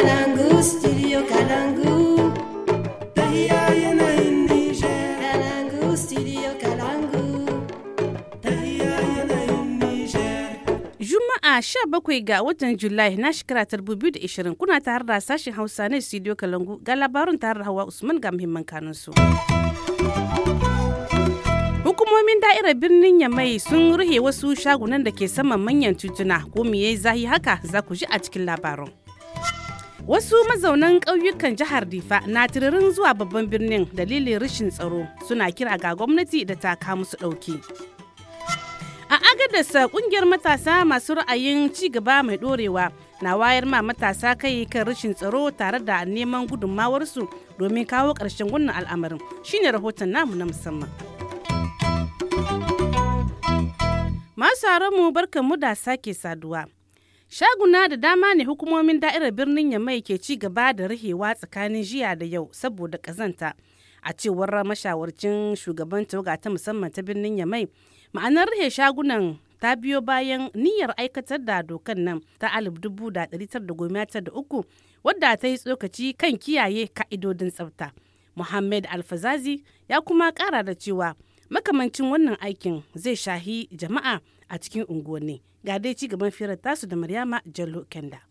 bakwai studio Kalangu. ga watan Julai na shekara ta ishirin kuna tare da sashen Hausa na studio Kalangu ga labarun tare da Hawa Usman ga muhimman kanunsu. hukumomin da'irar birnin yamai sun ruhe wasu shagunan da ke saman manyan tituna ko me yi zahi haka za ku ji a cikin labarin Wasu mazaunan ƙauyukan jihar Difa na tiririn zuwa babban birnin dalilin rashin tsaro suna kira ga gwamnati da ta kawo musu ɗauki. A agadarsa ƙungiyar matasa masu ra'ayin ci gaba mai ɗorewa na wayar ma matasa kai kan rashin tsaro tare da neman gudunmawarsu domin kawo ƙarshen wannan al'amarin shine rahoton namu na musamman. Masu mu barkan mu da sake saduwa. Shaguna da dama ne hukumomin da'irar birnin Yamai ke ci gaba da rihewa tsakanin jiya da yau saboda kazanta. A cewar mashawarcin shugaban tawaga ta musamman ta birnin Yamai, ma'anar rihe shagunan ta biyo bayan niyyar aikatar da dokan nan ta 1993 wadda ta yi tsokaci kan kiyaye ka'idodin tsafta. Muhammad Alfazazi ya kuma kara da cewa makamancin wannan aikin zai shahi jama'a a cikin unguwanni ga dai ci gaban firar tasu da maryama jallo kenda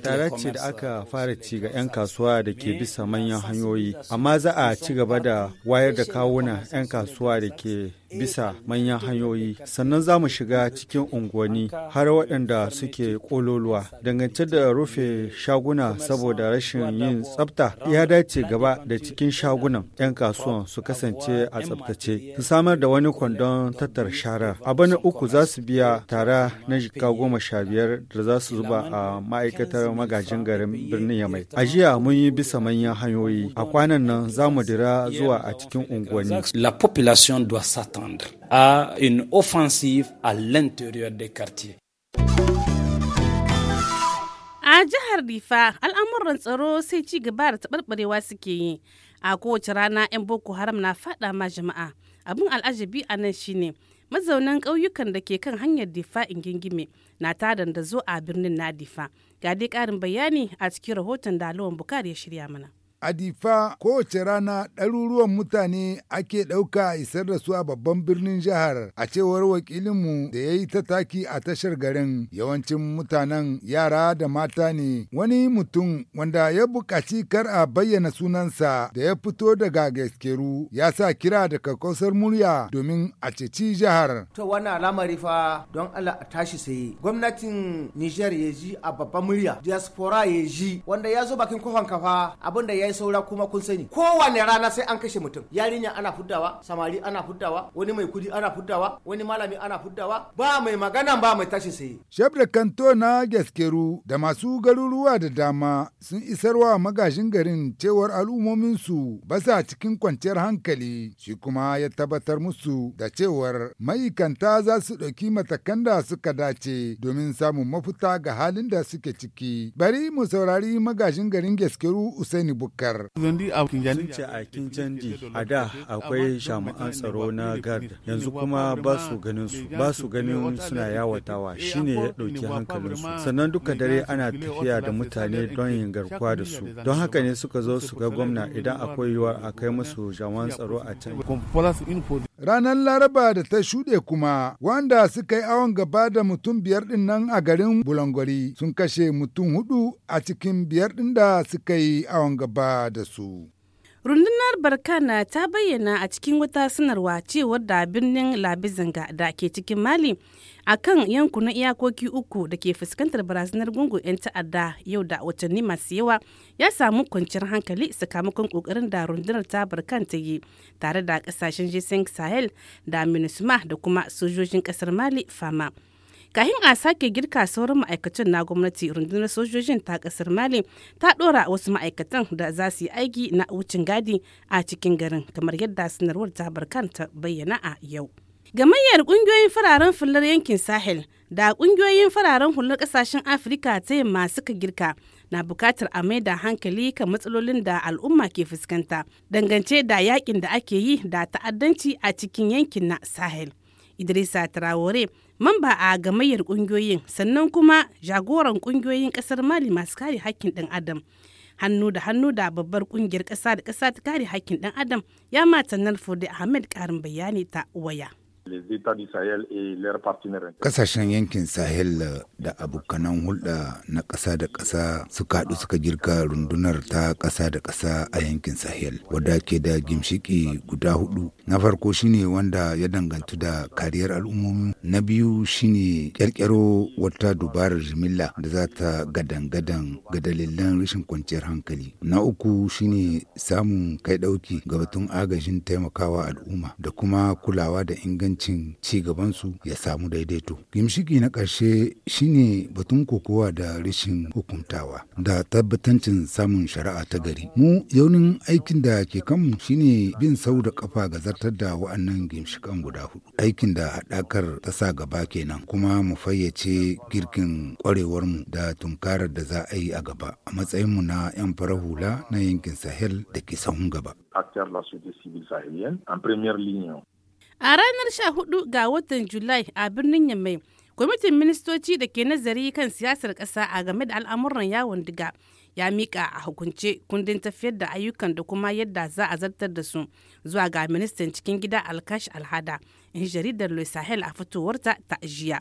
Tare ce da aka fara ci ga 'yan kasuwa da ke bisa manyan hanyoyi, amma za a ci gaba da wayar da kawuna 'yan kasuwa da ke bisa manyan hanyoyi sannan za mu shiga cikin unguwanni har waɗanda suke kololuwa dangance da rufe shaguna saboda rashin yin tsafta ya dace gaba da cikin shagunan 'yan kasuwan su kasance a tsaftace su samar da wani kwandon tattara shara a bana uku za su biya tara na jika goma sha biyar da za su zuba a ma'aikatar magajin garin birnin Yamai. A jiya mun yi bisa manyan hanyoyi, a kwanan nan za mu dira zuwa a cikin unguwanni. La population doit s'attendre à une offensive à l'intérieur des quartiers. A jihar Rifa, al'amuran tsaro sai ci gaba da taɓarɓarewa suke yi. A kowace rana 'yan Boko Haram na faɗa ma jama'a. Abin al'ajabi a nan shine mazaunan ƙauyukan da ke kan hanyar difa'in gingime na tadan da zo a birnin na difa ga dai ƙarin bayani a cikin rahoton da alawan bukari ya shirya mana Adifa kowace rana ɗaruruwan mutane ake ɗauka a isar da su a babban birnin jihar a cewar wakilinmu da ya yi ta taki a tashar garin yawancin mutanen yara da mata ne wani mutum wanda ya buƙaci kar a bayyana sunansa da ya fito daga gaskeru ya sa kira da kakkausar murya domin a ceci jihar. To wannan al'amari fa don Allah a tashi sai. gwamnatin Nijar ya ji a babban murya diaspora ya ji wanda ya zo bakin kofan kafa abinda ya yayi saura kuma kun sani kowane rana sai an kashe mutum yarinya ana fuddawa samari ana fuddawa wani mai kudi ana fuddawa wani malami ana fuddawa ba mai magana ba mai tashi sai shabda kanto na gaskeru da masu garuruwa da dama sun isarwa magajin garin cewar al'ummominsu ba sa cikin kwanciyar hankali shi kuma ya tabbatar musu da cewar ma'aikanta za su ɗauki matakan da suka dace domin samun mafuta ga halin da suke ciki bari mu saurari magajin garin gaskeru usaini buk dokar. Sun a Kinjandi a da akwai jami'an tsaro na gard yanzu kuma ba su ganin su ba su ganin suna yawatawa shine ya ɗauki su sannan duka dare ana tafiya da mutane don yin garkuwa da su don haka ne suka zo su ga gwamna idan akwai yiwuwar a kai musu jami'an tsaro a can. Ranar Laraba da ta shuɗe kuma wanda suka yi awon gaba da mutum biyar ɗin nan a garin Bulangwari sun kashe mutum hudu a cikin biyar ɗin da suka yi awon gaba da su. Rundunar Barkana ta bayyana a cikin wata sanarwa cewar da birnin Labizanga da ke cikin Mali a kan yankunan iyakoki uku da ke fuskantar barazanar gungun 'yan ta'adda yau da watanni masu yawa ya samu kwanciyar hankali sakamakon kokarin da rundunar ta kan ta yi tare da kasashen g sahel da minusma da kuma sojojin kasar mali fama kahin a sake girka sauran ma'aikatan na gwamnati rundunar sojojin ta kasar mali ta dora wasu ma'aikatan da za su yi aiki na wucin gadi a cikin garin kamar yadda sanarwar ta ta bayyana a yau Gamayyar ƙungiyoyin fararen fular yankin Sahel da ƙungiyoyin fararen hular ƙasashen Afirka ta yamma suka girka na bukatar a mai da hankali kan matsalolin da al'umma ke fuskanta dangance da yakin da ake yi da ta'addanci a cikin yankin na Sahel. Idrisa Traore, mamba a gamayyar ƙungiyoyin sannan kuma jagoran ƙungiyoyin ƙasar Mali masu kare hakkin ɗan Adam. hannu da hannu da babbar ƙungiyar ƙasa da ƙasa ta kare hakkin ɗan adam ya mata da ahmed karin bayani ta waya. Kasashen yankin Sahel da abokanan hulɗa na ƙasa da ƙasa suka haɗu suka girka rundunar ta ƙasa da ƙasa a yankin Sahel, wadda ke da ginshiki guda hudu. Na farko shine wanda ya dangantu da kariyar al'ummomi, na biyu shine ƙirƙiro wata dubarar jimilla da za ta gadan-gadan ga dalilan rashin kwanciyar hankali. Na uku shine samun kai ɗauki ga batun agajin taimakawa al'umma da kuma kulawa da inganci ingancin ci gabansu ya samu daidaito. Gimshiki na ƙarshe shine batun kokowa da rashin hukuntawa da tabbatancin samun shari'a ta gari. Mu yaunin aikin da ke kanmu shine bin sau da kafa ga zartar da wa'annan gimshikan guda hudu. Aikin da haɗakar ta sa gaba kenan kuma mu fayyace girkin mu da tunkarar da za a yi a gaba a matsayinmu na 'yan fara hula na yankin Sahel da ke sahun gaba. acteurs de la société A ranar 14 ga watan Julai a birnin Yamai, kwamitin ministoci da ke nazari kan siyasar ƙasa a game da al'amuran yawon diga ya mika a hukunce kundin tafiyar da ayyukan da kuma yadda za a zartar da su zuwa ga ministan cikin gida alkash alhada in jaridar louis sahel a fitowarta ta ajiya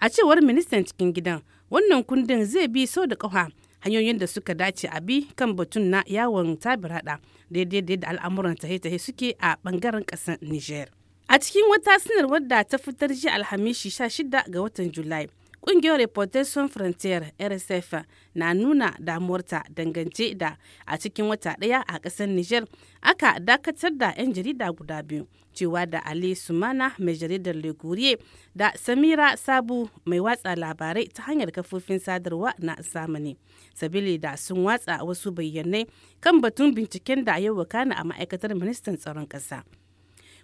a cewar ministan cikin gidan wannan kundin zai bi sau da ƙafa hanyoyin da suka dace a bi kan batun na yawon tabirada daidai da al'amuran tahe-tahe suke a bangaren ƙasar niger A cikin wata sanarwar da ta fitar jiya Alhamishi 16 ga watan Julai, kungiyar reportation Frontier RSF na nuna damuwarta dangance da a cikin wata daya a ƙasar nijar aka dakatar da 'yan jarida guda biyu cewa da Ali Sumana mai jaridar legurie da Samira Sabu mai watsa labarai ta hanyar kafofin sadarwa na zamani. Sabili da sun watsa wasu bayyanai kan batun binciken da yau wakana a ma'aikatar ministan tsaron ƙasa.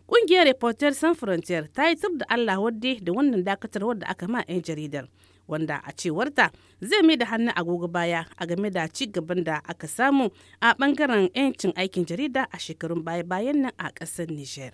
Ƙungiyar Reporter San Frontier ta yi da Allah wadde da wannan dakatarwar da aka ma 'yan jaridar. wanda a cewarta zai mai da hannu agogo baya a game da ci gaban da aka samu a bangaren 'yancin aikin jarida a shekarun baya-bayan nan a ƙasar Nijar.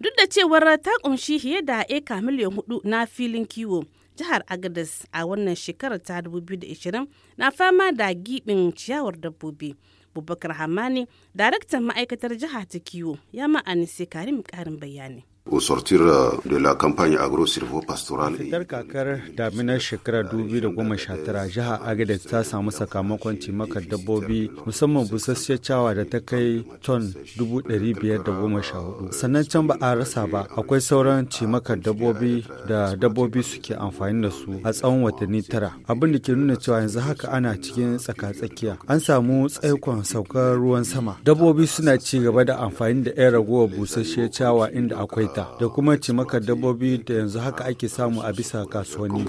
Duk da cewar ta ƙunshi fiye da eka miliyan hudu na filin kiwo, jihar Agadez a wannan shekarar ta 2020 na fama da giɓin ciyawar dabbobi. Bubakar Hamani, daraktan ma'aikatar jiha ta kiwo, ya ma'anise Karim ƙarin bayani. au sortir euh, de la campagne agro Fitar kakar daminar shekara 2019 jihar Agadez ta samu sakamakon cimakar dabbobi musamman busasshiyar cawa da ta kai ton 514. Sannan can ba a rasa ba akwai sauran cimakar dabbobi da dabbobi suke amfani da su a tsawon watanni tara. Abin da ke nuna cewa yanzu haka ana cikin tsakatsakiya. An samu tsaikon saukar ruwan sama. Dabbobi suna ci gaba da amfani da 'yan ragowar busasshiyar cawa inda akwai ita da kuma cimakar dabbobi da yanzu haka ake samu a bisa kasuwanni.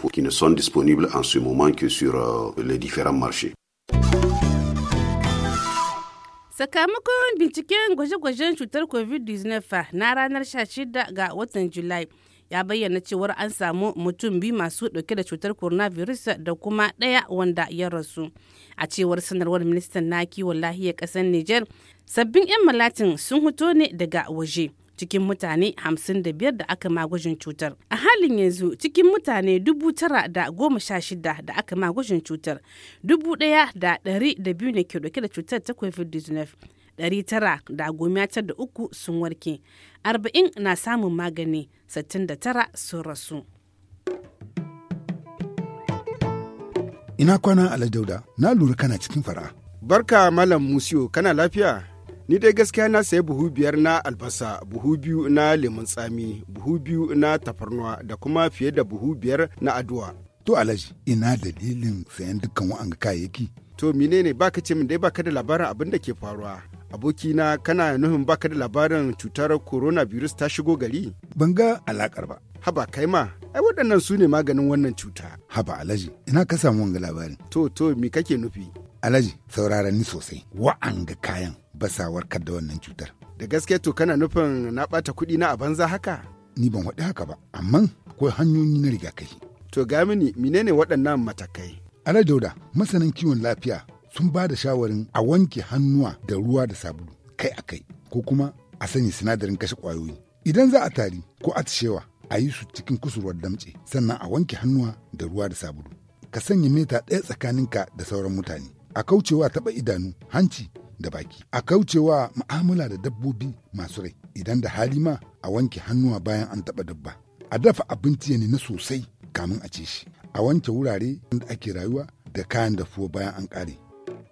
Euh, Sakamakon binciken gwaje-gwajen cutar COVID-19 na ranar 16 ga watan Julai ya bayyana cewar an samu mutum biyu masu dauke da cutar corona virus da kuma ɗaya wanda ya rasu. A cewar sanarwar ministan na kiwon lahiyar ƙasar Nijar, sabbin 'yan malatin sun hito ne daga waje. cikin mutane 55 da aka magwajin cutar. A halin yanzu cikin mutane 916 da aka magwajin cutar, 1,200 ne ke dauke da cutar ta COVID-19. uku sun warke, 40 na samun magani, 69 sun rasu. Ina kwana Aladauda, na lura kana cikin fara. Barka Malam Musiyo, kana lafiya? Ni dai gaskiya na sayi buhu biyar na albasa, buhu biyu na lemun tsami, buhu biyu na tafarnuwa da kuma fiye da buhu biyar na aduwa. To alaji ina dalilin sayan dukkan wa'anga kayayyaki. To menene baka ce min dai baka da labarin abin da ke faruwa. abokina kana nufin baka da labarin cutar coronavirus ta shigo gari? Ban ga alakar ba. Haba kai ma, ai waɗannan su ne maganin wannan cuta. Haba alaji, ina ka samu wanga labarin. To, to, me kake nufi? alaji saurara ni sosai wa'anga kayan basa warkar da wannan cutar da gaske to kana nufin na bata kuɗi na a banza haka ni ban haɗi haka ba amma ko hanyoyi na rigakafi to ga mini menene waɗannan matakai alaji dauda masanin kiwon lafiya sun ba da shawarin a wanke hannuwa da ruwa da sabulu kai a kai ko kuma a sanya sinadarin kashe ƙwayoyi idan za a tari ko atishewa a yi su cikin kusurwar damce sannan a wanke hannuwa da ruwa da sabulu ka sanya mita ɗaya tsakaninka da sauran mutane a kaucewa taɓa idanu hanci da baki a kaucewa mu'amala da dabbobi masu rai idan da hali ma a wanke hannuwa bayan an taɓa dabba a dafa abinci ne na sosai kamun a ce shi a wanke wurare da ake rayuwa da kayan dafuwa bayan an ƙare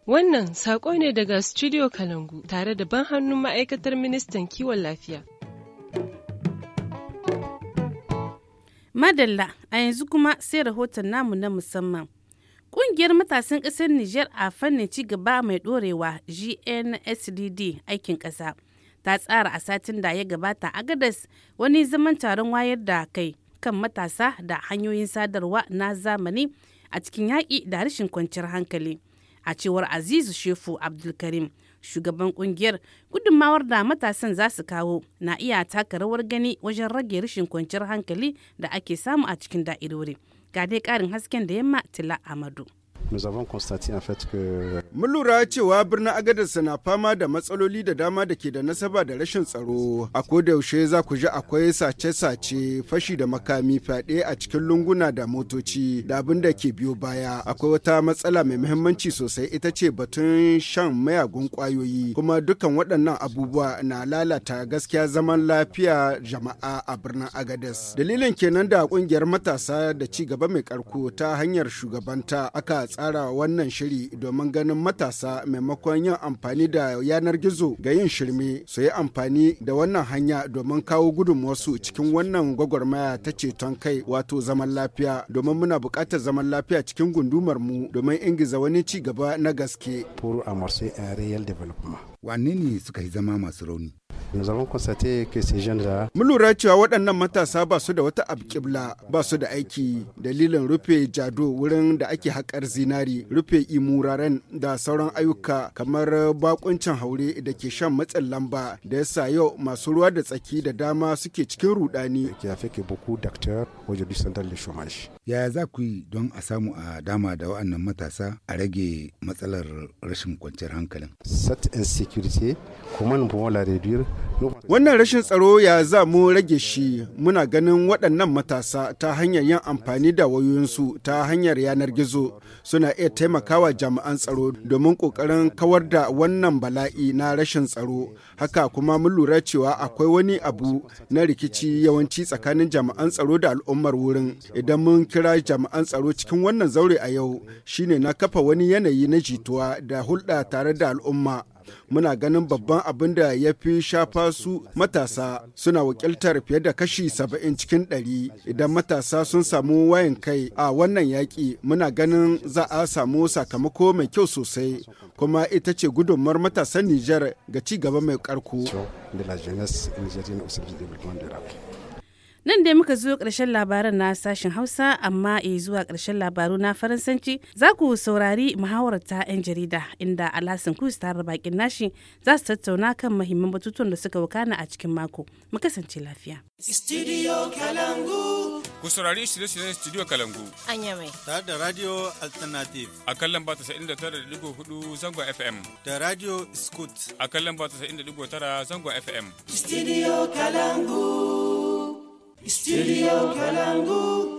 wannan saƙo ne daga studio kalangu tare da ban hannun ma'aikatar ministan kiwon lafiya madalla a yanzu kuma sai rahoton namu na musamman Ƙungiyar matasan ƙasar Nijar a fannin ci gaba mai ɗorewa GNSDD aikin ƙasa ta tsara a satin da ya gabata a Gadas wani zaman taron wayar da kai kan matasa da hanyoyin sadarwa na zamani a cikin yaƙi da rashin kwanciyar hankali. A cewar Azizu Shefu Abdulkarim, shugaban ƙungiyar gudunmawar da matasan za su kawo na iya taka rawar gani wajen rage rashin kwanciyar hankali da ake samu a cikin da'irori. ga dai karin hasken da yamma tila amadu nous avons constaté en fait que mun lura cewa birnin agadarsa na fama da matsaloli da dama da ke da nasaba da rashin tsaro a yaushe za ku ji akwai sace-sace fashi da makami fyaɗe a cikin lunguna da motoci da abin da ke biyo baya akwai wata matsala mai muhimmanci sosai ita ce batun shan mayagun kwayoyi kuma dukkan waɗannan abubuwa na lalata gaskiya zaman lafiya jama'a a birnin agadas dalilin kenan da ƙungiyar matasa da ci gaba mai karko ta hanyar shugabanta aka tsara wannan shiri domin ganin matasa maimakon yin amfani da yanar gizo ga yin shirme su yi amfani da wannan hanya domin kawo gudunmuwarsu cikin wannan gwagwarmaya ta ceton kai wato zaman lafiya domin muna buƙatar zaman lafiya cikin gundumar mu domin ingiza wani ci gaba na gaske. Wane ne suka yi zama masu rauni? Mun lura cewa waɗannan matasa ba su da wata abkibla ba su da aiki dalilin rufe jado wurin da ake haƙar zinari rufe imuraren da sauran ayyuka kamar bakuncin haure da ke shan matsin lamba da yasa yau masu ruwa da tsaki da dama suke cikin rudani. Yaya za ku yi don a samu a dama da waɗannan matasa a rage matsalar rashin kwanciyar hankalin? set insecurity, kuma nous pouvons da Wannan rashin tsaro ya za mu rage shi muna ganin waɗannan matasa ta hanyar yin amfani da wayoyinsu ta hanyar yanar gizo suna iya taimakawa jami'an tsaro domin ƙoƙarin kawar da wannan bala'i na rashin tsaro. Haka kuma mun lura cewa akwai wani abu na rikici yawanci tsakanin jami'an tsaro da al'ummar wurin. Idan mun kira jami'an tsaro cikin wannan zaure a yau shine na kafa wani yanayi na jituwa da hulɗa tare da al'umma. muna ganin babban abin da ya fi shafa su matasa suna wakiltar fiye da kashi saba'in cikin ɗari idan matasa sun samu wayan kai a wannan yaƙi muna ganin za a samu sakamako mai kyau sosai kuma ita ce gudunmar matasan Nijar ga ci gaba mai ƙarko. Nan dai muka zo ƙarshen labaran na sashen Hausa amma e zuwa ƙarshen labaru na Faransanci za ku saurari muhawarar ta 'yan jarida inda Alhassan Kus tare bakin nashi za su tattauna kan mahimman batutuwan da suka wakana a cikin mako. Mu kasance lafiya. Studio Kalangu. Ku saurari shirye-shiryen Studio Kalangu. Anya mai. Tare da Radio Alternative. A kan lamba hudu zangon FM. Da Radio Scoot. A kan lamba tara zangon FM. Studio Kalangu. Studio Kalangu.